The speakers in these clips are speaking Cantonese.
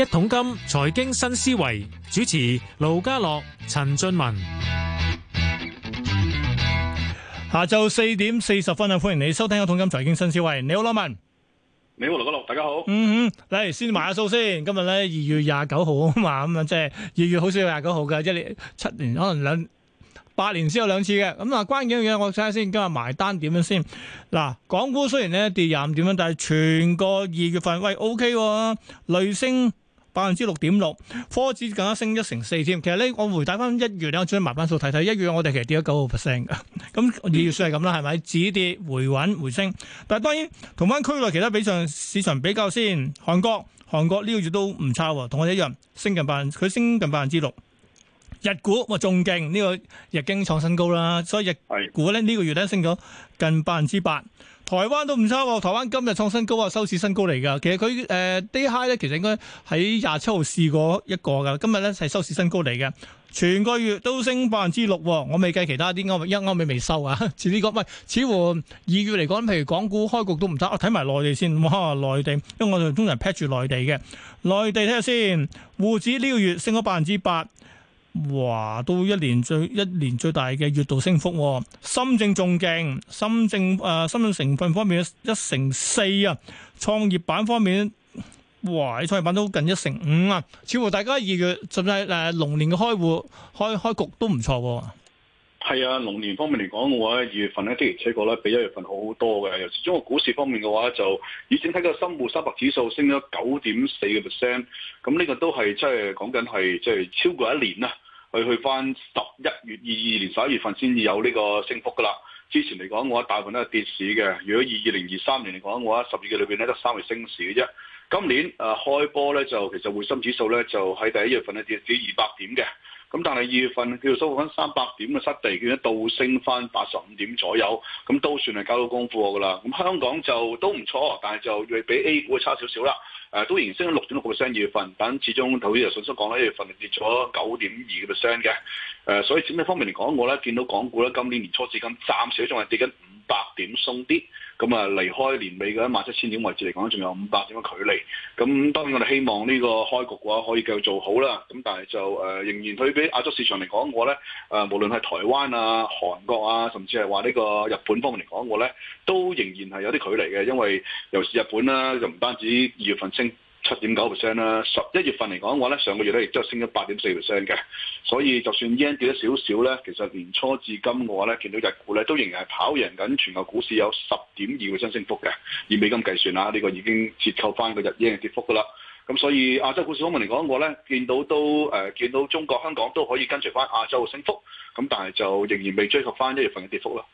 一桶金財經新思維，主持盧家樂、陳俊文，下晝四點四十分啊！歡迎你收聽《一桶金財經新思維》。你好，羅文。你好，盧家樂，大家好。嗯嗯，嚟、嗯、先埋下數先。嗯、今呢日咧二月廿九號啊嘛，咁啊即係二月好少有廿九號嘅，即係七年可能兩八年先有兩次嘅。咁、嗯、啊關鍵嘅嘢，我睇下先看看，今日埋單點樣先？嗱，港股雖然咧跌廿五點蚊，但係全個二月份喂 OK，累升。百分之六點六，6. 6, 科指更加升一成四添。其實咧，我回答翻一月兩我最麻煩數，睇睇一月我哋其實跌咗九個 percent 嘅。咁二月算係咁啦，係咪？止跌回穩回升。但係當然同翻區內其他比上市場比較先。韓國韓國呢個月都唔差喎，同我一樣升近百分，佢升近百分之六。日股哇仲勁，呢個日經創新高啦，所以日股咧呢個月咧升咗近百分之八。台灣都唔差喎，台灣今日創新高啊，收市新高嚟㗎。其實佢誒 day high 咧，其實應該喺廿七號試過一個㗎。今日咧係收市新高嚟嘅，全個月都升百分之六。我未計其他啲歐美，一歐美未收啊。遲啲講，喂，似乎二月嚟講，譬如港股開局都唔得。啊，睇埋內地先，哇，內地，因為我哋通常撇住內地嘅。內地睇下先，滬指呢個月升咗百分之八。哇！都一年最一年最大嘅月度升幅喎，深圳仲勁，深圳啊深證成分方面一成四啊，創業板方面哇，啲創業板都近一成五啊，似乎大家二月甚至係誒龍年嘅開戶開開局都唔錯喎。係啊，龍年方面嚟講嘅話，二月份咧的而且確咧比一月份好好多嘅。尤其是中國股市方面嘅話，就以整體嘅深滬三百指數升咗九點四個 percent，咁呢個都係即係講緊係即係超過一年啦，去去翻十一月二月，二月，二年十一月份先有呢個升幅㗎喇。之前嚟講嘅話，大部分都係跌市嘅。如果二二零二三年嚟講嘅話，十二個月裏邊咧得三個月升市嘅啫。今年誒、呃、開波咧就其實恆生指數咧就喺第一月份咧跌至二百點嘅。咁但係二月份叫做收翻三百點嘅失地，變咗倒升翻八十五點左右，咁都算係交到功夫㗎啦。咁香港就都唔錯，但係就比 A 股會差少少啦。誒、呃，都仍然升咗六點六個 percent 二月份，但始終投資又信心降啦，一月份跌咗九點二個 percent 嘅。誒、呃，所以整體方面嚟講，我咧見到港股咧今年年初至今暫時仲係跌緊五百點鬆啲。咁啊，離開年尾嘅一萬七千點位置嚟講，仲有五百點嘅距離。咁當然我哋希望呢個開局嘅話可以繼續做好啦。咁但係就誒、呃，仍然對比亞洲市場嚟講，我咧誒、呃，無論係台灣啊、韓國啊，甚至係話呢個日本方面嚟講，我咧都仍然係有啲距離嘅，因為尤其是日本啦，就唔單止二月份升七點九 percent 啦，十一、啊、月份嚟講嘅話咧，上個月咧亦都係升咗八點四 percent 嘅，所以就算 yen 跌咗少少咧，其實年初至今嘅話咧，見到日股咧都仍然係跑贏緊全球股市有十點二 percent 升幅嘅，以美金計算啦、啊，呢、呢個已經折扣翻個日 yen 嘅跌幅噶啦，咁所以亞洲股市方面嚟講，我咧見到都誒、呃、見到中國香港都可以跟隨翻亞洲嘅升幅，咁但係就仍然未追及翻一月份嘅跌幅啦。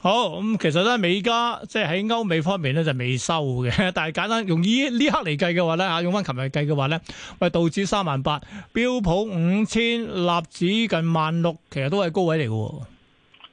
好咁、嗯，其實咧，美加，即係喺歐美方面咧就未收嘅，但係簡單用依呢刻嚟計嘅話咧，吓、啊、用翻琴日計嘅話咧，喂，道指三萬八，標普五千，納指近萬六，其實都係高位嚟嘅。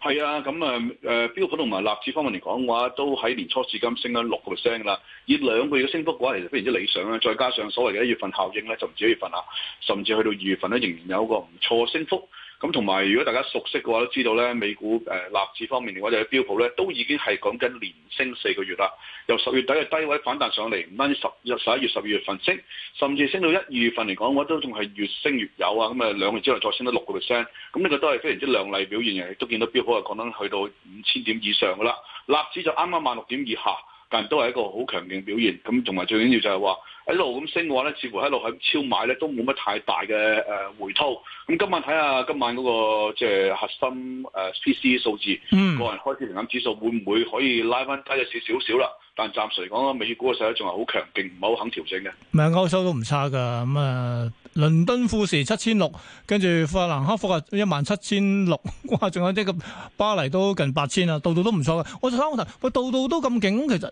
係啊，咁啊，誒，標普同埋納指方面嚟講嘅話，都喺年初至今升緊六個 percent 啦，以兩個月嘅升幅嘅話，其實非常之理想啦。再加上所謂嘅一月份效應咧，就唔止一月份啦，甚至去到二月份咧，仍然有一個唔錯嘅升幅。咁同埋，如果大家熟悉嘅話，都知道咧，美股誒、呃、納指方面嘅話，就喺、是、標普咧，都已經係講緊連升四個月啦。由十月底嘅低位反彈上嚟，唔單止十、十十一月、十二月份升，甚至升到一、二月份嚟講，我都仲係越升越有啊！咁、嗯、啊，兩月之後再升得六個 percent，咁呢個都係非常之亮麗表現，亦都見到標普係，講緊去到五千點以上噶啦，納指就啱啱萬六點以下。但都係一個好強勁表現，咁同埋最緊要就係話一路咁升嘅話咧，似乎喺度喺超買咧，都冇乜太大嘅誒回吐。咁今晚睇下今晚嗰、那個即係核心誒 PC 數字，嗯、個人開市平穩指數會唔會可以拉翻低一少少少啦？但暫時嚟講，美股嘅勢咧仲係好強勁，唔係好肯調整嘅。咪、嗯、歐收都唔差㗎，咁、嗯、啊～、呃倫敦富時七千六，跟住法蘭克福啊一萬七千六，哇！仲有啲咁巴黎都近八千啊，度度都唔錯嘅。我想問一問，喂，度度都咁勁，其實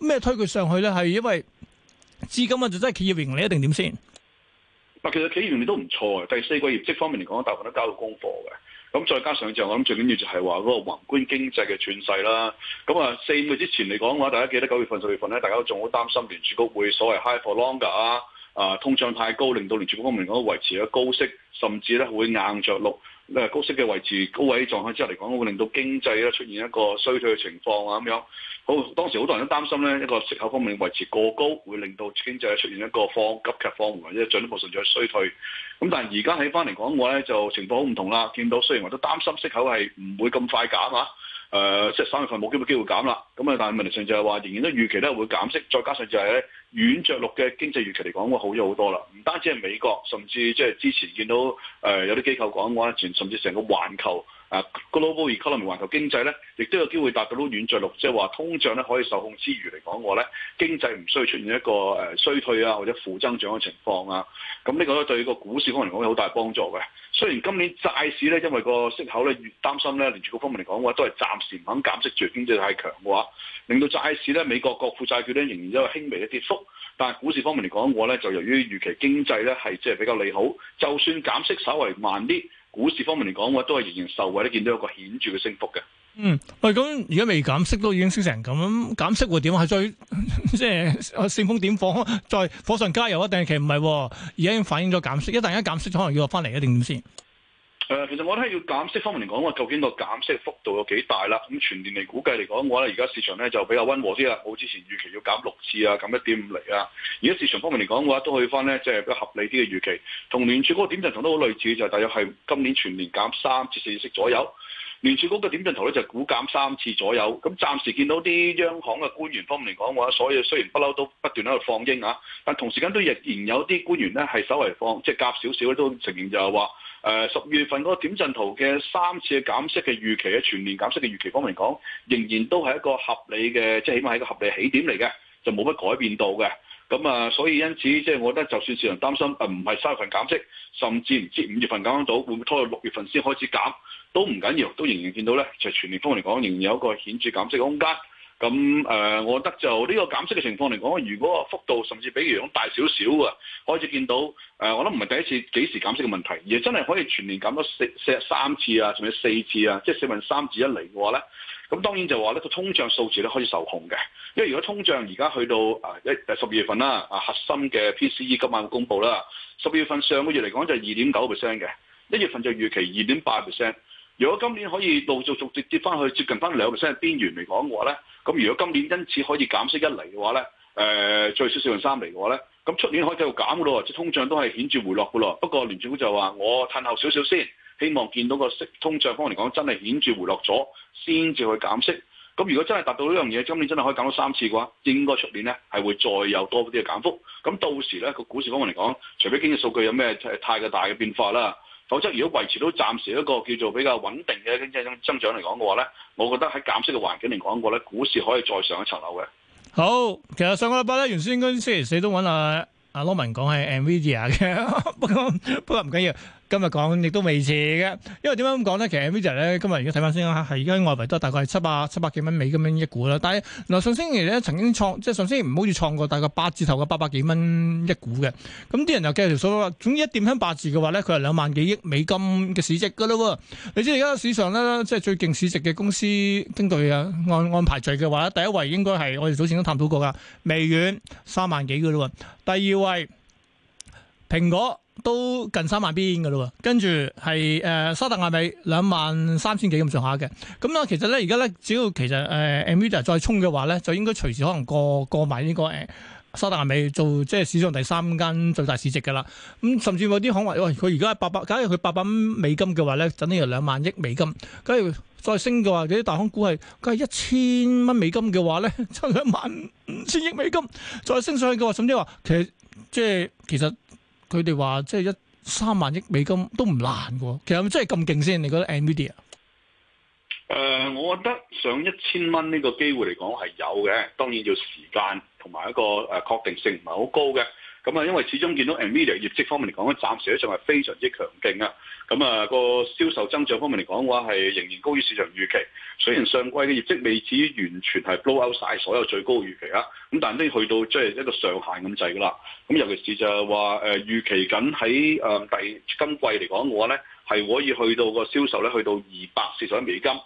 咩推佢上去咧？係因為資金啊，就真係企業盈利一定點先？嗱，其實企業盈利都唔錯嘅，第四季業績方面嚟講，大部分都交到功課嘅。咁再加上就我諗最緊要就係話嗰個宏觀經濟嘅轉勢啦。咁啊，四月之前嚟講嘅話，大家記得九月份、十月份咧，大家都仲好擔心聯儲局會所謂 high for longer 啊。啊，通脹太高，令到聯儲方面嚟講維持咗高息，甚至咧會硬着陸。誒，高息嘅維持高位狀態之後嚟講，會令到經濟咧出現一個衰退嘅情況啊咁樣。好，當時好多人都擔心咧，一個息口方面維持過高，會令到經濟出現一個放急劇放緩或者進一步甚至衰退。咁但係而家睇翻嚟講，我咧就情況好唔同啦，見到雖然我都擔心息，息口係唔會咁快減啊。誒、呃，即係三月份冇幾多機會減啦，咁啊，但係問題上就係話仍然都預期咧會減息，再加上就係咧軟著陸嘅經濟預期嚟講，會好咗好多啦。唔單止係美國，甚至即係之前見到誒、呃、有啲機構講話，甚至成個環球。啊，global economy 環球經濟咧，亦都有機會達到軟著陸，即係話通脹咧可以受控之餘嚟講，我咧經濟唔需要出現一個誒衰退啊，或者負增長嘅情況啊。咁呢個都對個股市方面嚟講有好大幫助嘅。雖然今年債市咧，因為個息口咧越擔心咧，連住各方面嚟講嘅話都係暫時唔肯減息住，經濟太強嘅話，令到債市咧美國國庫債券咧仍然有輕微嘅跌幅，但係股市方面嚟講，我咧就由於預期經濟咧係即係比較利好，就算減息稍為慢啲。股市方面嚟講，我話都係仍然受惠都見到一個顯著嘅升幅嘅。嗯，喂，咁而家未減息都已經升成咁，嗯，減息會點啊？係最，即係煽風點火，再火上加油一定係其唔係、哦，而家已經反映咗減息。一旦一減息，可能要落翻嚟一定點先？誒，其實我覺得要減息方面嚟講嘅話，究竟個減息幅度有幾大啦？咁全年嚟估計嚟講，我咧而家市場咧就比較溫和啲啦，冇之前預期要減六次啊，減一點五厘啊。而家市場方面嚟講嘅話，都可以翻咧即係比較合理啲嘅預期。同聯儲嗰個點陣圖都好類似，就係大約係今年全年減三至四次左右。聯儲嗰個點陣圖咧就估減三次左右。咁暫時見到啲央行嘅官員方面嚟講嘅話，所以雖然不嬲都不斷喺度放鷹啊，但同時間都仍然有啲官員咧係稍微放即係夾少少都承認就係話。誒十、呃、月份嗰個點陣圖嘅三次減息嘅預期嘅全年減息嘅預期方面嚟講，仍然都係一個合理嘅，即係起碼係一個合理起點嚟嘅，就冇乜改變到嘅。咁、嗯、啊、呃，所以因此即係我覺得，就算市場擔心啊唔係三月份減息，甚至唔知五月份減到，會唔會拖到六月份先開始減，都唔緊要，都仍然見到咧，就全年方面嚟講，仍然有一個顯著減息嘅空間。咁誒、呃，我覺得就呢、這個減息嘅情況嚟講，如果幅度甚至比以往大少少啊，開始見到誒、呃，我諗唔係第一次幾時減息嘅問題，而真係可以全年減咗四四三次啊，甚至四次啊，即係四分三至一釐嘅話咧，咁當然就話呢個通脹數字咧開始受控嘅，因為如果通脹而家去到啊一誒十二月份啦，啊核心嘅 PCE 今晚公布啦，十二月份上個月嚟講就係二點九 percent 嘅，一月份就預期二點八 percent，如果今年可以陸續續跌返去接近返兩 percent 嘅邊緣嚟講嘅話咧。咁如果今年因此可以減息一釐嘅話呢，誒、呃、最少少用三釐嘅話呢，咁出年可以繼續減嘅咯，即通脹都係顯著回落嘅咯。不過聯儲會就話我褪後少少先，希望見到個通脹方面嚟講真係顯著回落咗，先至去減息。咁如果真係達到呢樣嘢，今年真係可以減到三次嘅話，應該出年呢係會再有多啲嘅減幅。咁到時呢個股市方面嚟講，除非經濟數據有咩太嘅大嘅變化啦。否則，如果維持到暫時一個叫做比較穩定嘅經濟增增長嚟講嘅話咧，我覺得喺減息嘅環境嚟講過咧，股市可以再上一層樓嘅。好，其實上個禮拜咧，原先應該星期四都揾阿阿羅文講係 Nvidia 嘅，不過不過唔緊要。今日講亦都未遲嘅，因為點解咁講咧？其實 Nvidia 咧，今日而家睇翻先嚇，係而家外圍都大概係七百七百幾蚊美金一股啦。但係嗱，上星期咧曾經創，即係上星期唔好似創過大概八字頭嘅八百幾蚊一股嘅。咁啲人又計條數，總之一點喺八字嘅話咧，佢係兩萬幾億美金嘅市值噶啦喎。你知而家市場咧，即係最勁市值嘅公司，根據啊按按排序嘅話，第一位應該係我哋早前都談到過噶，微軟三萬幾噶咯喎。第二位蘋果。都近三萬邊嘅咯，跟住係誒沙特阿美兩萬三千幾咁上下嘅，咁咧、嗯、其實咧而家咧只要其實誒 m u 再衝嘅話咧，就應該隨時可能過過埋呢、這個誒、呃、沙特阿美做即係史上第三間最大市值嘅啦。咁、嗯、甚至有啲行話，佢而家八百，800，假如佢八百蚊美金嘅話咧，整啲有兩萬億美金。假如再升嘅話，啲大行股係佢係一千蚊美金嘅話咧，就兩萬五千億美金。再升上去嘅話，甚至話其實即係其實。佢哋話即係一三萬億美金都唔難嘅，其實有冇真係咁勁先？你覺得 NVIDIA？呃，我覺得上一千蚊呢個機會嚟講係有嘅，當然要時間同埋一個誒確定性唔係好高嘅。咁啊，因為始終見到 Amelia 業績方面嚟講咧，暫時上仲係非常之強勁啊！咁、嗯、啊，個銷售增長方面嚟講嘅話，係仍然高於市場預期。雖然上季嘅業績未至於完全係 blow out 晒所有最高預期啦、啊，咁、嗯、但係都去到即係一個上限咁滯噶啦。咁、嗯、尤其是就係話誒，預期緊喺誒第今季嚟講嘅話咧。係可以去到個銷售咧，去到二百四十億美金。咁、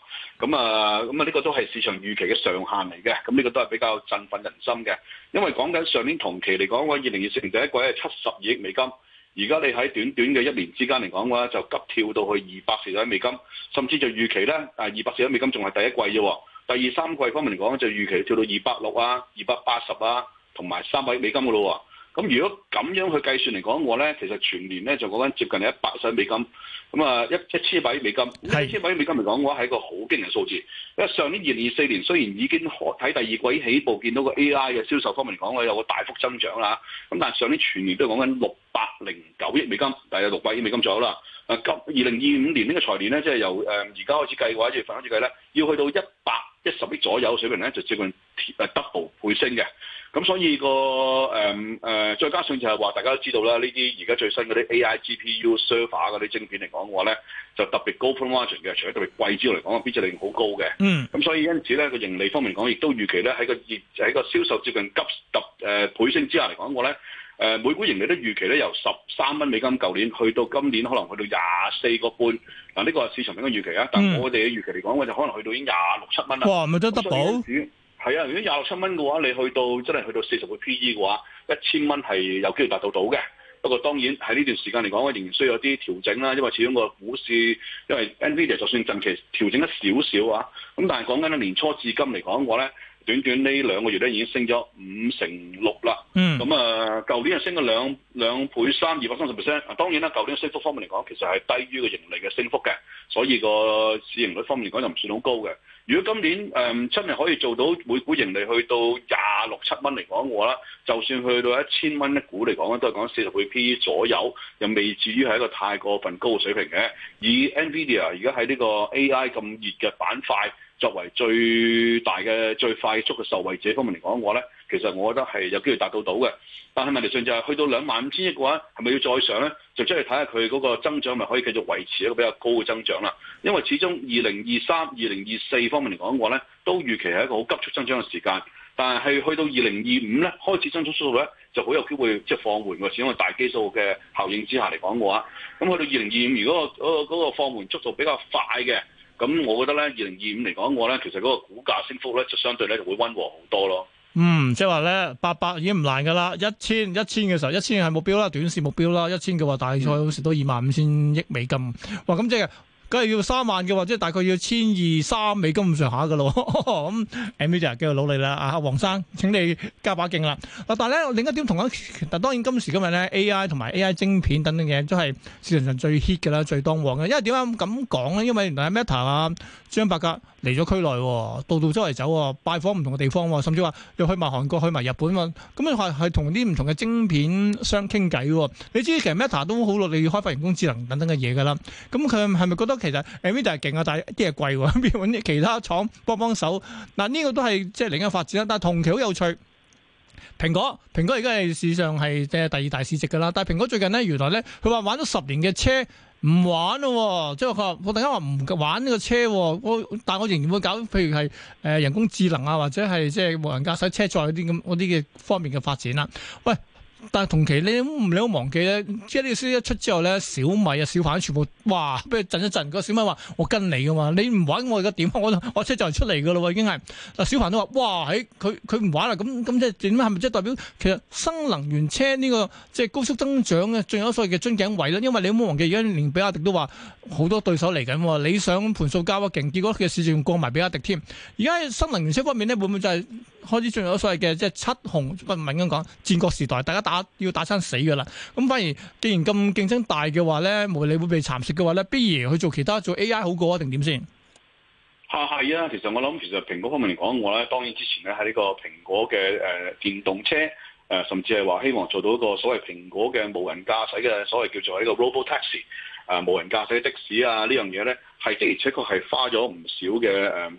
嗯、啊，咁、嗯、啊，呢、這個都係市場預期嘅上限嚟嘅。咁、嗯、呢、這個都係比較振奮人心嘅。因為講緊上年同期嚟講嘅話，二零二四年第一季係七十二億美金，而家你喺短短嘅一年之間嚟講嘅話，就急跳到去二百四十億美金，甚至就預期咧，啊，二百四十億美金仲係第一季啫。第二、三季方面嚟講，就預期跳到二百六啊、二百八十啊，同埋三百億美金嘅咯喎。咁如果咁樣去計算嚟講，我咧其實全年咧就講緊接近一百億美金，咁啊一一千百億美金，一千百億美金嚟講嘅話係一個好驚人數字。因為上年二零二四年雖然已經喺第二季起步見到個 AI 嘅銷售方面嚟講，我有個大幅增長啦。咁但係上年全年都講緊六百零九億美金，但係有六百億美金左右啦。啊今二零二五年呢個財年咧，即係由誒而家開始計嘅話，一月份開始計咧，要去到一百一十億左右嘅水平咧，就接近誒 double 倍升嘅。咁所以個誒誒，再加上就係話大家都知道啦，呢啲而家最新嗰啲 AI GPU server 嗰啲晶片嚟講嘅話咧，就特別高 promotion 嘅，除咗特別貴之外嚟講，個 B 值定好高嘅。嗯，咁所以因此咧，個盈利方面嚟講，亦都預期咧喺個熱喺個銷售接近急突誒倍升之下嚟講嘅話咧。誒每股盈利都預期咧，由十三蚊美金舊年去到今年，可能去到廿四個半。嗱，呢個係市場平嘅預期啊，但我哋嘅預期嚟講，我、嗯、就可能去到已經廿六七蚊啦。哇，咪真得保？係啊，如果廿六七蚊嘅話，你去到真係去到四十個 P E 嘅話，一千蚊係有機會達到到嘅。不過當然喺呢段時間嚟講，我仍然需要有啲調整啦，因為始終個股市因為 Nvidia 就算近期調整得少少啊，咁但係講緊年初至今嚟講嘅話咧。短短呢兩個月咧已經升咗五成六啦，咁啊、嗯，舊、嗯、年啊升咗兩兩倍三二百三十 percent。當然啦，舊年升幅方面嚟講，其實係低於個盈利嘅升幅嘅，所以個市盈率方面嚟講就唔算好高嘅。如果今年誒、嗯、七年可以做到每股盈利去到廿六七蚊嚟講，我覺得就算去到一千蚊一股嚟講咧，都係講四十倍 P E 左右，又未至於係一個太過分高嘅水平嘅。以 Nvidia 而家喺呢個 A I 咁熱嘅板塊。作為最大嘅最快速嘅受惠者方面嚟講嘅話，我咧其實我覺得係有機會達到到嘅。但係問題上就係、是、去到兩萬五千億嘅話，係咪要再上咧？就即係睇下佢嗰個增長，咪可以繼續維持一個比較高嘅增長啦。因為始終二零二三、二零二四方面嚟講嘅話，我咧都預期係一個好急速增長嘅時間。但係去到二零二五咧，開始增速速度咧就好有機會即係、就是、放緩喎。始終大基數嘅效應之下嚟講嘅話，咁去到二零二五，如果個嗰嗰個放緩速度比較快嘅。咁我覺得咧，二零二五嚟講我呢，我咧其實嗰個股價升幅咧就相對咧就會溫和好多咯。嗯，即係話咧，八百已經唔難噶啦，一千一千嘅時候，一千係目標啦，短線目標啦，一千嘅話大概好似到二萬五千億美金。哇，咁即係。梗係要三萬嘅，或者大概要千二三美金咁上下嘅咯。咁 Amy 繼續努力啦，啊黃生請你加把勁啦。嗱，但係咧另一點同緊，但係當然今時今日咧，AI 同埋 AI 晶片等等嘢都係市場上最 hit 嘅啦，最當旺嘅。因為點解咁講咧？因為原來 Meta 啊、張伯格嚟咗區內，到度周圍走，拜訪唔同嘅地方，甚至話又去埋韓國、去埋日本喎。咁你係係同啲唔同嘅晶片商傾偈喎。你知其實 Meta 都好努力開發人工智能等等嘅嘢㗎啦。咁佢係咪覺得？其實 NVIDIA 係勁啊，但係啲嘢貴，邊度揾啲其他廠幫幫手？嗱，呢個都係即係另一發展啦。但係同期好有趣，蘋果蘋果而家係史上係即係第二大市值噶啦。但係蘋果最近咧，原來咧佢話玩咗十年嘅車唔玩咯，哦，即係佢話我突然間話唔玩呢個車，哦，我但係我仍然會搞，譬如係誒人工智能啊，或者係即係無人駕駛車載嗰啲咁啲嘅方面嘅發展啦，啊。喂。但係同期你唔你好忘記咧，即係呢個消息一出之後咧，小米啊、小鵬全部哇，俾佢震一震。個小米話：我跟你噶嘛，你唔玩我而家點，我我車就出嚟噶咯喎，已經係。嗱，小鵬都話：哇，佢佢唔玩啦，咁咁即係點咧？係咪即係代表其實新能源車呢、這個即係、就是、高速增長嘅仲有所謂嘅樽頸位咧？因為你唔冇忘記，而家連比亞迪都話好多對手嚟緊，理想盤數交得勁，結果佢嘅市佔過埋比亞迪添。而家新能源車方面咧，會唔會就係、是？開始進入咗所謂嘅即係七雄不明咁講戰國時代，大家打要打親死嘅啦。咁反而既然咁競爭大嘅話咧，無論你會被蠶食嘅話咧，不如去做其他做 AI 好過啊？定點先？嚇係啊！其實我諗，其實蘋果方面嚟講，我咧當然之前咧喺呢個蘋果嘅誒、呃、電動車誒、呃，甚至係話希望做到一個所謂蘋果嘅無人駕駛嘅所謂叫做呢個 robotaxi 啊、呃，無人駕駛的，的士啊樣呢樣嘢咧。係的，的，的，而且確係花咗唔少嘅誒誒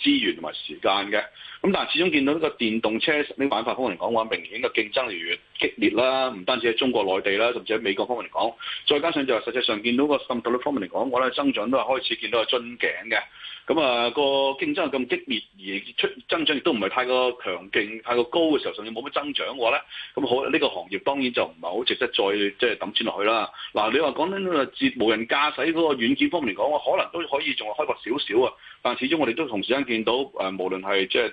資源同埋時間嘅。咁但係始終見到呢個電動車呢個板塊方面嚟講，話明顯嘅競爭力越嚟越。激烈啦，唔單止喺中國內地啦，甚至喺美國方面嚟講，再加上就實際上見到個滲透率方面嚟講，我咧增長都係開始見到係樽頸嘅。咁啊，個、呃、競爭係咁激烈，而出增長亦都唔係太過強勁、太過高嘅時候，甚至冇乜增長嘅話咧，咁好呢、這個行業當然就唔係好值得再即係抌錢落去啦。嗱、啊，你話講緊呢個節無人駕駛嗰個軟件方面嚟講，我可能都可以仲係開拓少少啊，但係始終我哋都同時間見到誒、呃，無論係即係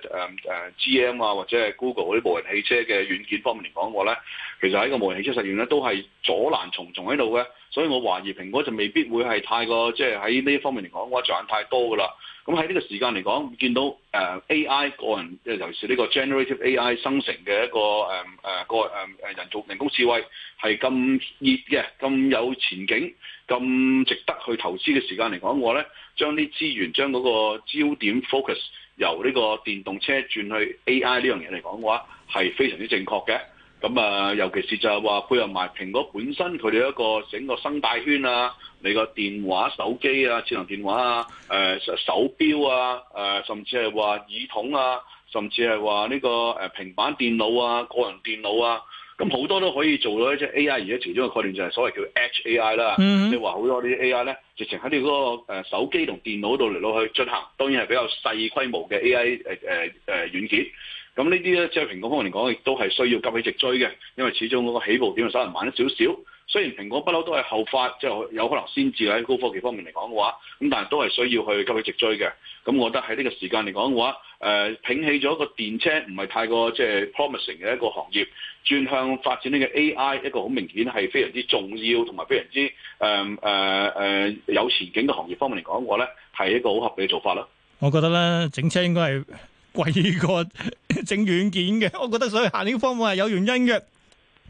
誒誒 GM 啊或者係 Google 嗰啲無人汽車嘅軟件方面嚟講，我咧。其實喺個無人駕駛實驗咧，都係阻難重重喺度嘅，所以我懷疑蘋果就未必會係太過即係喺呢一方面嚟講嘅話，着眼太多噶啦。咁喺呢個時間嚟講，見到誒、uh, A I 個人，尤其是呢個 generative A I 生成嘅一個誒誒個誒誒人造人工智慧係咁熱嘅，咁有前景，咁值得去投資嘅時間嚟講，我咧將啲資源將嗰個焦點 focus 由呢個電動車轉去 A I 呢樣嘢嚟講嘅話，係非常之正確嘅。咁啊、嗯，尤其是就係話配合埋蘋果本身佢哋一個整個生態圈啊，你個電話、手機啊、智能電話啊、誒、呃、手錶啊、誒、呃、甚至係話耳筒啊，甚至係話呢個誒平板電腦啊、個人電腦啊，咁、嗯、好、嗯、多都可以做到一隻 AI。而家其中一個概念就係所謂叫 Edge AI 啦。你話好多呢啲 AI 咧，直情喺你嗰個手機同電腦度嚟到去進行，當然係比較細規模嘅 AI 誒誒誒軟件。咁呢啲咧，即係蘋果方面嚟講，亦都係需要急起直追嘅，因為始終嗰個起步點可能慢咗少少。雖然蘋果不嬲都係後發，即係、有可能先至喺高科技方面嚟講嘅話，咁但係都係需要去急起直追嘅。咁我覺得喺呢個時間嚟講嘅話，誒、呃，摒棄咗一個電車唔係太過即係、即係、promising 嘅一個行業，轉向發展呢個 AI 一個好明顯係非、非常之重要同埋非常之誒誒誒有前景嘅行業方面嚟講嘅話咧，係一個好合理嘅做法啦。我覺得咧，整車應該係。貴個整軟件嘅，我覺得所以行呢方法係有原因嘅。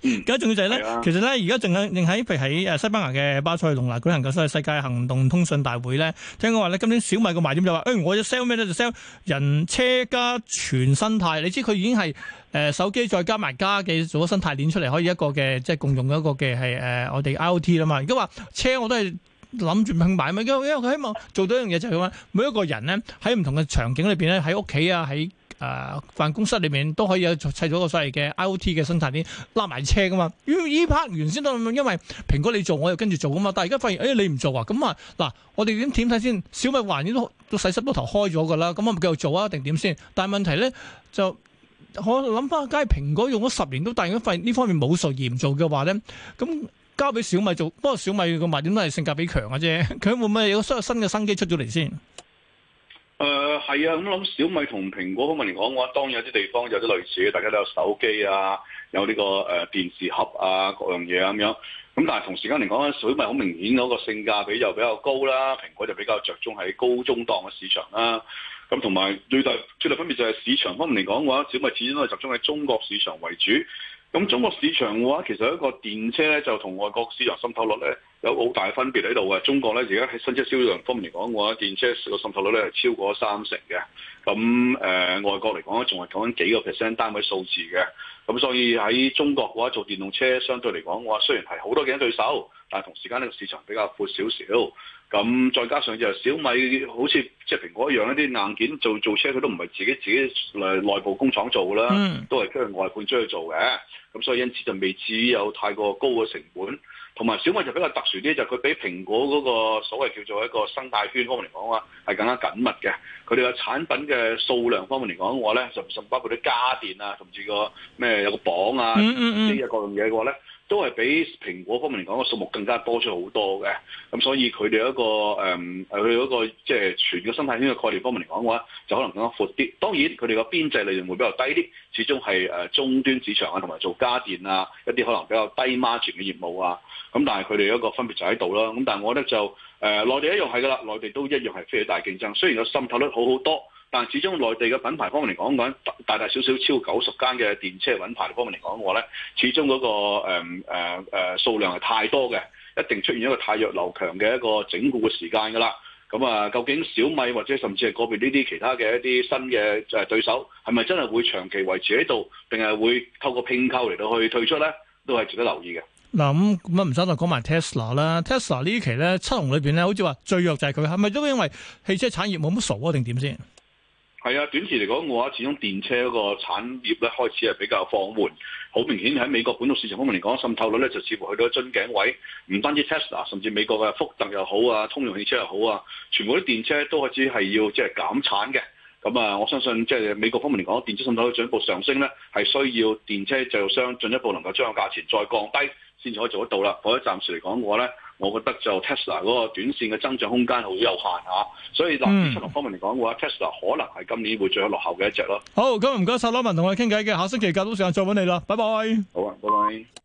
而家仲要就係咧，的其實咧，而家仲喺仲喺，譬如喺誒西班牙嘅巴塞隆拿舉行嘅世世界行動通訊大會咧，聽講話咧，今年小米個賣點就話，誒、欸、我要 sell 咩咧就 sell 人車加全生態。你知佢已經係誒、呃、手機再加埋家嘅做咗生態鏈出嚟，可以一個嘅即係共用一個嘅係誒我哋 IOT 啦嘛。而家話車我都係。諗住拼埋嘛，因為佢希望做到一樣嘢就係話，每一個人咧喺唔同嘅場景裏邊咧，喺屋企啊，喺誒、呃、辦公室裏面都可以砌咗個所謂嘅 IOT 嘅新產品，拉埋車噶嘛。依依 part 原先都因為蘋果你做，我又跟住做噶嘛。但係而家發現，哎、欸、你唔做啊，咁啊嗱，我哋點點睇先？小米環境都都洗濕咗頭開咗噶啦，咁我咪繼續做啊，定點先？但係問題咧就我諗翻，梗係蘋果用咗十年都大，但係而家發現呢方面冇熟而唔做嘅話咧，咁。交俾小米做，不過小米個賣點都係性價比強嘅啫。佢會唔會有新新嘅新機出咗嚟先？誒、呃，係啊，咁、嗯、諗小米同蘋果方面嚟講嘅話，當然有啲地方有啲類似，大家都有手機啊，有呢、這個誒、呃、電視盒啊，各樣嘢啊咁樣。咁、嗯、但係同時間嚟講，小米好明顯嗰個性價比又比較高啦，蘋果就比較着重喺高中檔嘅市場啦。咁同埋最大最大分別就係市場方面嚟講嘅話，小米始終都係集中喺中國市場為主。咁中國市場嘅話，其實一個電車咧，就同外國市場滲透率咧有好大分別喺度嘅。中國咧而家喺新車銷量方面嚟講嘅話，電車個滲透率咧係超過三成嘅。咁誒、呃，外國嚟講咧，仲係講緊幾個 percent 單位數字嘅。咁所以喺中國嘅話，做電動車相對嚟講嘅話，雖然係好多競爭對手。但係同時間呢個市場比較闊少少，咁再加上就係小米好似即係蘋果一樣一啲硬件做做車佢都唔係自己自己嚟內部工廠做啦，都係出去外判出去做嘅，咁所以因此就未至於有太過高嘅成本。同埋小米就比較特殊啲，就佢、係、比蘋果嗰個所謂叫做一個生態圈方面嚟講嘅話，係更加緊密嘅。佢哋嘅產品嘅數量方面嚟講嘅話咧，就甚至包括啲家電啊，同住個咩有個榜啊，嗯嗯嗯呢一個咁嘢嘅話咧。都係比蘋果方面嚟講個數目更加多出好多嘅，咁所以佢哋一個誒，佢、呃、嗰個即係全個生態圈嘅概念方面嚟講嘅話，就可能更加闊啲。當然佢哋個邊際利潤會比較低啲，始終係誒終端市場啊，同埋做家電啊一啲可能比較低 Margin 嘅業務啊。咁但係佢哋一個分別就喺度啦。咁但係我覺得就誒內、呃、地一樣係㗎啦，內地都一樣係非常大競爭。雖然個滲透率好好多。但始終內地嘅品牌方面嚟講，講大大大小小超九十間嘅電車品牌方面嚟講，嘅話咧始終嗰、嗰個誒誒誒數量係太多嘅，一定出現一個汰弱留強嘅一個整固嘅時間㗎啦。咁、嗯、啊，究竟小米或者甚至係個別呢啲其他嘅一啲新嘅誒對手係咪真係會長期維持喺度，定係會透過拼購嚟到去退出咧？都係值得留意嘅。嗱，咁乜唔使再講埋 Tesla 啦。Tesla 呢期咧七龍裏邊咧，好似話最弱就係佢，係咪都因為汽車產業冇乜傻啊，定點先？係啊，短期嚟講嘅話，我始終電車個產業咧開始係比較放緩，好明顯喺美國本土市場方面嚟講，滲透率咧就似乎去到樽頸位。唔單止 Tesla，甚至美國嘅福特又好啊，通用汽車又好啊，全部啲電車都開始係要即係減產嘅。咁啊，我相信即係美國方面嚟講，電車滲透率進一步上升咧，係需要電車製造商進一步能夠將個價錢再降低，先至可以做得到啦。或者暫時嚟講嘅話咧。我覺得就 Tesla 嗰個短線嘅增長空間好有限吓，所以嗱，喺出行方面嚟講嘅話，Tesla 可能係今年會最有落後嘅一隻咯。好，咁唔該晒羅文同我傾偈嘅，下星期隔到時間再揾你啦，拜拜。好啊，拜拜。